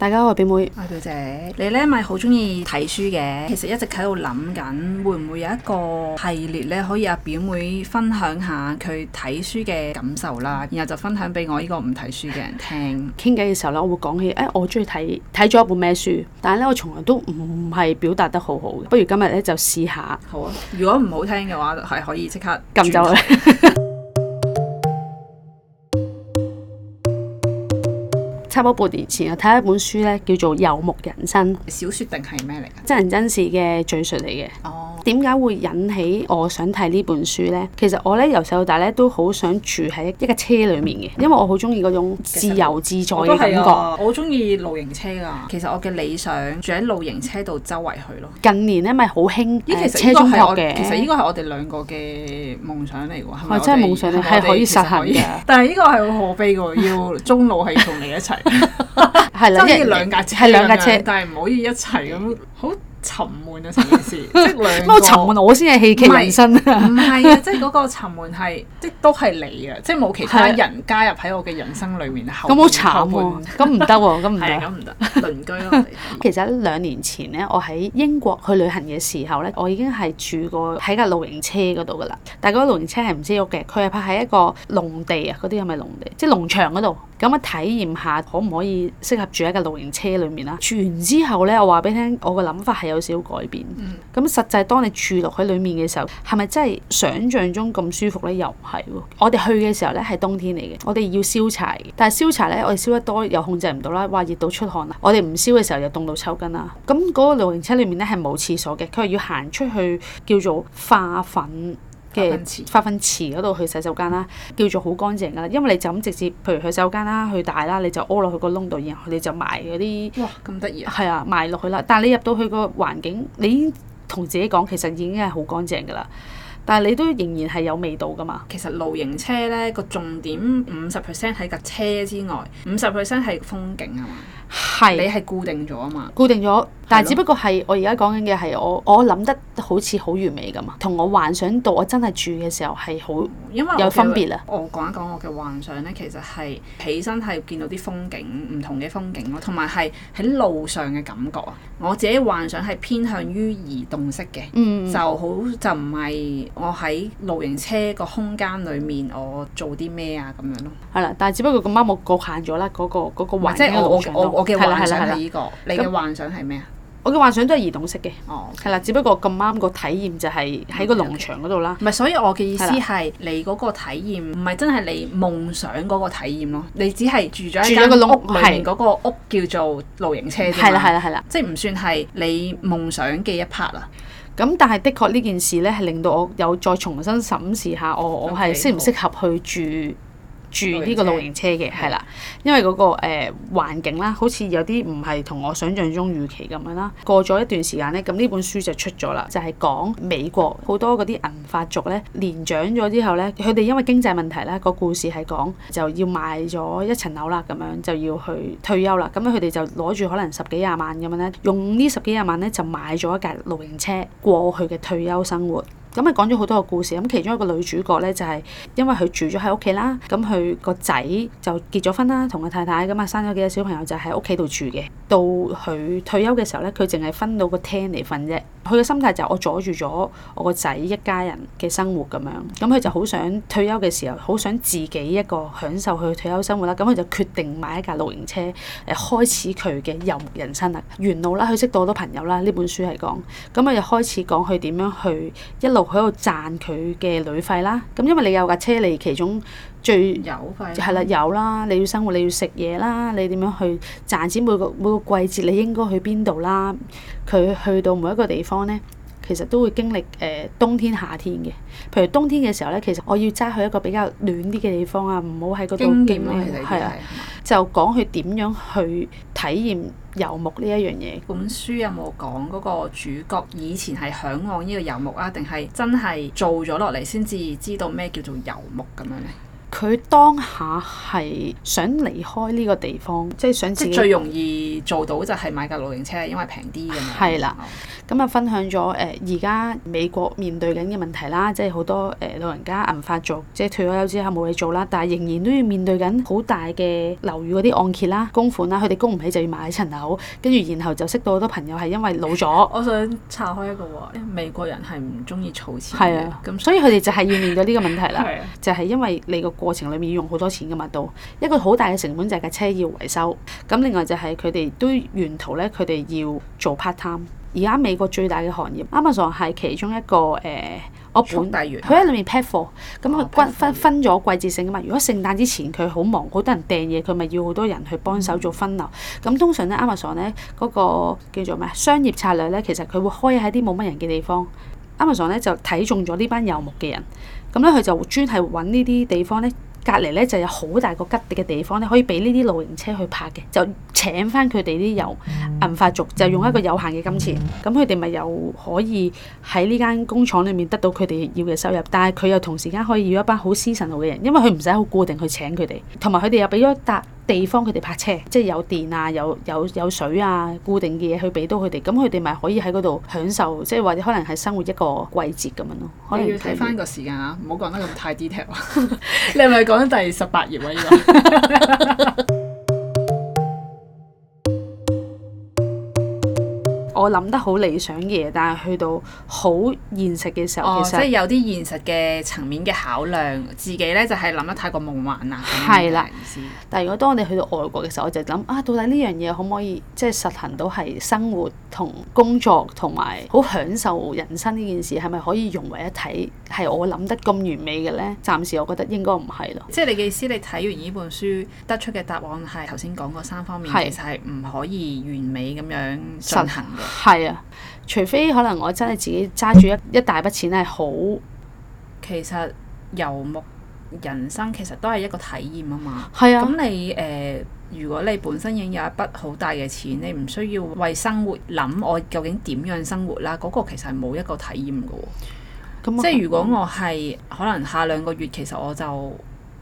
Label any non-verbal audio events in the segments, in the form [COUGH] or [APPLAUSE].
大家好，我係表妹，我係表姐。你咧咪好中意睇書嘅？其實一直喺度諗緊，會唔會有一個系列咧，可以阿、啊、表妹分享下佢睇書嘅感受啦，然後就分享俾我呢個唔睇書嘅人聽。傾偈嘅時候咧，我會講起，誒、哎，我中意睇睇咗一本咩書，但係咧，我從來都唔係表達得好好嘅。不如今日咧就試下。好啊，如果唔好聽嘅話，係可以即刻撳走啦。下 [LAUGHS] 差唔多半年前啊，睇一本書咧，叫做《遊牧人生》。小説定係咩嚟？真人真事嘅敍述嚟嘅。哦。點解會引起我想睇呢本書咧？其實我咧由細到大咧都好想住喺一個車裡面嘅，因為我好中意嗰種自由自在嘅感覺。我中意、啊、露營車㗎。其實我嘅理想住喺露營車度，周圍去咯。近年咧咪好興車中泊？呢其實呢個係我，啊、其實呢個係我哋兩個嘅夢想嚟㗎。哦、啊，真係夢想，係們可以實行㗎。但係呢個係好可悲㗎，要中路係同你一齊。 [LAUGHS] 係啦，即係兩架車，係兩架車，但係唔可以一齊咁好沉悶啊！成件事即係，冇沉悶我先係喜慶人生唔係啊，即係嗰個沉悶係，即都係你啊！即係冇其他人加入喺我嘅人生裏面咁後後半，咁唔得喎，咁唔得，鄰居咯。其實兩年前呢，我喺英國去旅行嘅時候呢，我已經係住過喺架露營車嗰度噶啦。但係嗰個露營車係唔知喐嘅，佢係泊喺一個農地啊，嗰啲係咪農地？即係農場嗰度。咁樣體驗下，可唔可以適合住喺個露營車裏面啦？住完之後呢，我話俾你聽，我個諗法係有少少改變。咁、嗯、實際當你住落喺裏面嘅時候，係咪真係想像中咁舒服呢？又唔係喎。我哋去嘅時候呢，係冬天嚟嘅，我哋要燒柴，但係燒柴呢，我哋燒得多又控制唔到啦，哇熱到出汗啊！我哋唔燒嘅時候又凍到抽筋啊！咁嗰個露營車裏面呢，係冇廁所嘅，佢係要行出去叫做化糞。嘅化糞池嗰度去洗手間啦，嗯、叫做好乾淨噶啦，因為你就咁直接，譬如去洗手間啦、去大啦，你就屙落去個窿度，然後你就埋嗰啲。哇！咁得意啊！係啊，埋落去啦。但係你入到去個環境，你已經同自己講，其實已經係好乾淨噶啦。但係你都仍然係有味道噶嘛。其實露營車咧個重點，五十 percent 喺架車之外，五十 percent 係風景啊嘛。是係是你係固定咗啊嘛？固定咗，但係只不過係我而家講緊嘅係我我諗得好似好完美㗎嘛，同我幻想到我真係住嘅時候係好因為有分別啊！我講一講我嘅幻想咧，其實係起身係見到啲風景唔同嘅風景咯，同埋係喺路上嘅感覺啊！我自己幻想係偏向於移動式嘅，就好就唔係我喺露營車個空間裏面我做啲咩啊咁樣咯。係啦，但係只不過咁啱我侷限咗啦，嗰、嗰個環即係我我嘅。我我係啦係啦，你依個，你嘅幻想係咩啊？我嘅幻想都係移動式嘅。哦，係啦，只不過咁啱個體驗就係喺個農場嗰度啦。唔係，所以我嘅意思係你嗰個，個體驗，唔係真係你夢想嗰個體驗咯。你只係住咗住咗個屋，係嗰個屋叫做露營車。係啦係啦係啦，即係唔算係你夢想嘅一 part 啦。咁但係的確呢件事咧，係令到我有再重新審視下我，okay, 我係適唔適合去住。住呢個露營車嘅，係啦，因為嗰個呃環境啦，好似有啲唔係同我想像中預期咁樣啦。過咗一段時間呢，咁呢本書就出咗啦，就係講美國好多嗰啲銀髮族呢，年長咗之後呢，佢哋因為經濟問題呢，個故事係講就要賣咗一層樓啦，咁樣就要去退休啦。咁樣佢哋就攞住可能十幾廿萬咁樣呢，用呢十幾廿萬呢，就買咗一架露營車過去嘅退休生活。咁咪講咗好多個故事，咁其中一個女主角呢，就係因為佢住咗喺屋企啦，咁佢個仔就結咗婚啦，同個太太咁啊生咗幾個小朋友就喺屋企度住嘅，到佢退休嘅時候呢，佢淨係分到個廳嚟瞓啫。佢嘅心態就係我阻住咗我個仔一家人嘅生活咁樣，咁佢就好想退休嘅時候好想自己一個享受佢退休生活啦，咁佢就決定買一架露營車誒開始佢嘅遊牧人生啦。沿路啦，佢識到好多朋友啦。呢本書係講，咁佢就開始講佢點樣去一路。喺度賺佢嘅旅費啦，咁因為你有架車嚟，其中最油費啊。係啦，有啦，你要生活，你要食嘢啦，你點樣去賺錢？每個每個季節你應該去邊度啦？佢去到每一個地方呢，其實都會經歷誒冬天、夏天嘅。譬如冬天嘅時候呢，其實我要揸去一個比較暖啲嘅地方啊，唔好喺嗰度經歷嘅。係啊，就講佢點樣去。體驗遊牧呢一樣嘢。本書有冇講嗰個主角以前係嚮往呢個遊牧啊？定係真係做咗落嚟先至知道咩叫做遊牧咁樣呢？佢當下係想離開呢個地方，即係想。自己最容易做到就係買架露營車，因為平啲㗎嘛。係啦，咁啊分享咗誒，而、呃、家美國面對緊嘅問題啦，即係好多誒、呃、老人家銀發族，即係退咗休之後冇嘢做啦，但係仍然都要面對緊好大嘅樓宇嗰啲按揭啦、款供款啦，佢哋供唔起就要買層樓，跟住然後就識到好多朋友係因為老咗。我想拆開一個喎，因為美國人係唔中意儲錢啊，咁的這樣 所以佢哋就係要面對呢個問題啦， [LAUGHS] 的就係因為你個。過程裡面要用好多錢噶嘛，都一個好大嘅成本就係架車要維修，咁另外就係佢哋都沿途咧，佢哋要做 part time。而家美國最大嘅行業，Amazon 係其中一個誒、欸，我佢喺裏面 pack 貨，咁佢、oh, pay 分分咗季節性噶嘛。如果聖誕之前佢好忙，好多人訂嘢，佢咪要好多人去幫手做分流。咁通常咧，Amazon 咧嗰、那個叫做咩商業策略咧，其實佢會開喺啲冇乜人嘅地方。Amazon 咧就睇中咗呢班遊牧嘅人。咁咧，佢就專係揾呢啲地方呢，隔離呢，就有好大個吉地嘅地方呢，可以俾呢啲露營車去泊嘅，就請返佢哋啲遊銀發族，就用一個有限嘅金錢。咁佢哋咪又可以喺呢間工廠裏面得到佢哋要嘅收入，但係佢又同時間可以要一班好私信號嘅人，因為佢唔使好固定去請佢哋，同埋佢哋又俾咗一笪。地方佢哋泊車，即係有電啊，有有有水啊，固定嘅嘢去俾到佢哋，咁佢哋咪可以喺嗰度享受，即係話可能係生活一個季節咁樣咯。你要睇翻個時間啊，唔好講得咁太 detail。 [LAUGHS] 你係咪講咗第十八頁啊？呢個。我諗得好理想嘅嘢，但係去到好現實嘅時候，其實、哦、即係有啲現實嘅層面嘅考量。自己呢就係、是、諗得太過夢幻啦。係啦的，但係是如果當我哋去到外國嘅時候，我就諗啊，到底呢樣嘢可唔可以即係實行到係生活同工作同埋好享受人生呢件事，係咪可以融為一體？係我諗得咁完美嘅呢，暫時我覺得應該唔係咯。即係你嘅意思，你睇完呢本書得出嘅答案係頭先講過三方面，其實係唔可以完美咁樣進行嘅。的係啊，除非可能我真係自己揸住一一大筆錢係好，其實遊牧人生其實都係一個體驗啊嘛。係啊，咁你誒、呃，如果你本身已經有一筆好大嘅錢，你唔需要為生活諗我究竟點樣生活啦，嗰個其實係冇一個體驗嘅喎。咁即係如果我係可能下兩個月，其實我就。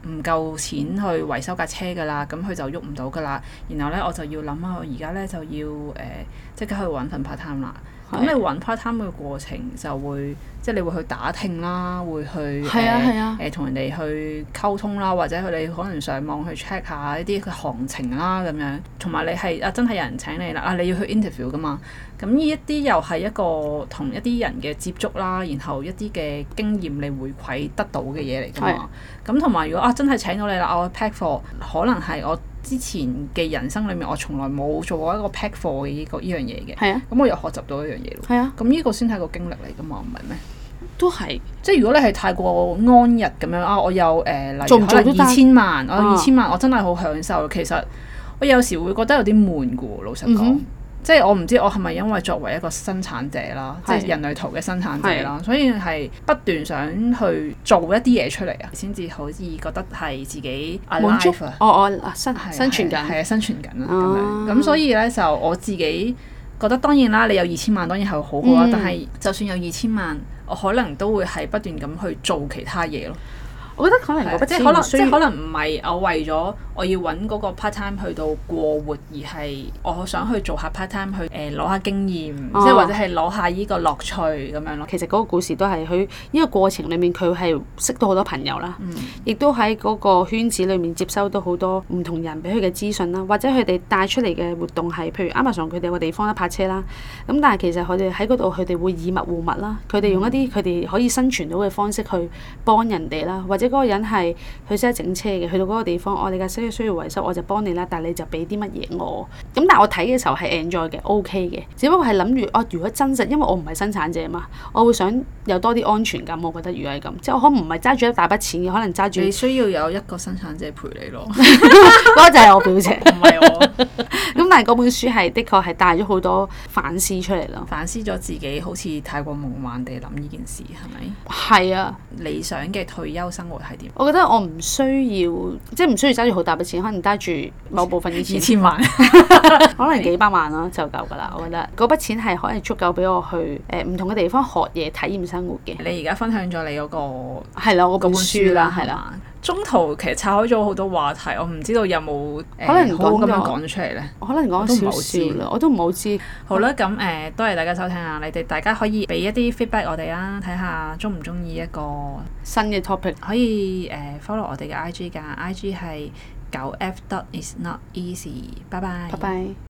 唔夠錢去維修架車㗎啦，咁佢就喐唔到㗎啦。然後咧，我就要諗下我而家咧就要誒呃、即刻去揾份 part time 啦。咁你揾 part-time 嘅過程就會，即係你會去打聽啦，會去誒誒同人哋去溝通啦，或者佢哋可能上網去 check 下一啲嘅行情啦咁樣，同埋你係啊真係有人請你啦，啊你要去 interview 噶嘛，咁呢一啲又係一個同一啲人嘅接觸啦，然後一啲嘅經驗你回饋得到嘅嘢嚟㗎嘛，咁同埋如果啊真係請到你啦，啊，我 pack for，可能係我。之前嘅人生裏面，我從來冇做過一個 pack 貨嘅呢個呢樣嘢嘅。係啊，咁我又學習到一樣嘢咯。係啊，咁呢個先係個經歷嚟噶嘛，唔係咩？都係是。即係如果你係太過安逸咁樣啊，我又誒、呃，例如我二千萬，啊、我二千萬，我真係好享受。其實我有時會覺得有啲悶嘅喎，老實講。嗯即係我唔知我係咪因為作為一個生產者啦，是即係人類圖嘅生產者啦，是所以係不斷想去做一啲嘢出嚟啊，先至的可以覺得係自己滿足。哦哦、啊，生生存緊，係啊，啊，生存緊啊咁樣。咁、啊、所以咧就我自己覺得，當然啦，你有二千萬，當然係好好啦。嗯、但係是就算有二千萬，我可能都會係不斷咁去做其他嘢咯。我覺得可能即可能即可能唔係我為咗我要揾嗰個 part time 去到過活，而係我想去做下 part time 去誒攞、嗯、下經驗，哦、即係或者係攞下呢個樂趣咁樣咯。其實嗰個故事都係佢呢個過程裡面，佢係識到好多朋友啦，亦、嗯、都喺嗰個圈子裡面接收到好多唔同人俾佢嘅資訊啦，或者佢哋帶出嚟嘅活動係，譬如 Amazon 佢哋有個地方一泊車啦。咁但係其實佢哋喺嗰度，佢哋會以物換物啦，佢哋用一啲佢哋可以生存到嘅方式去幫人哋啦，或者。嗰個人係佢識得整車嘅，去到嗰個地方，我哋嘅車需要維修，我就幫你啦。但係你就俾啲乜嘢我咁、嗯？但係我睇嘅時候係 enjoy 嘅，OK 嘅。只不過係諗住，我、哦、如果真實，因為我唔係生產者嘛，我會想有多啲安全感。我覺得，如果係咁，即係我可能唔係揸住一大筆錢嘅，可能揸住你需要有一個生產者陪你咯。嗰 [LAUGHS] 個 [LAUGHS] 就係我表姐，唔係我。咁但係嗰本書係的確係帶咗好多反思出嚟咯，反思咗自己好似太過夢幻地諗呢件事係咪？係啊，理想嘅退休生。我覺得我唔需要，即係唔需要揸住好大筆錢，可能揸住某部分二千萬， [LAUGHS] [LAUGHS] 可能幾百萬啦、啊、就夠噶啦。我覺得嗰 [LAUGHS] 筆錢係可以足夠俾我去誒唔、呃、同嘅地方學嘢、體驗生活嘅。你而家分享咗你嗰、嗰個係啦，我嗰本書啦係啦。的中途其實拆開咗好多話題，我唔知道有冇、呃、可能好咁樣講咗出嚟呢？可能講少少，我都唔好，了好知。好啦，咁誒我、呃，多謝大家收聽啊！你哋大家可以俾一啲 feedback 我哋啦，睇下鍾唔鍾意一個新嘅 topic。可以誒、呃、follow 我哋嘅 IG 噶，IG 係 9f dot is not easy。拜拜，拜拜。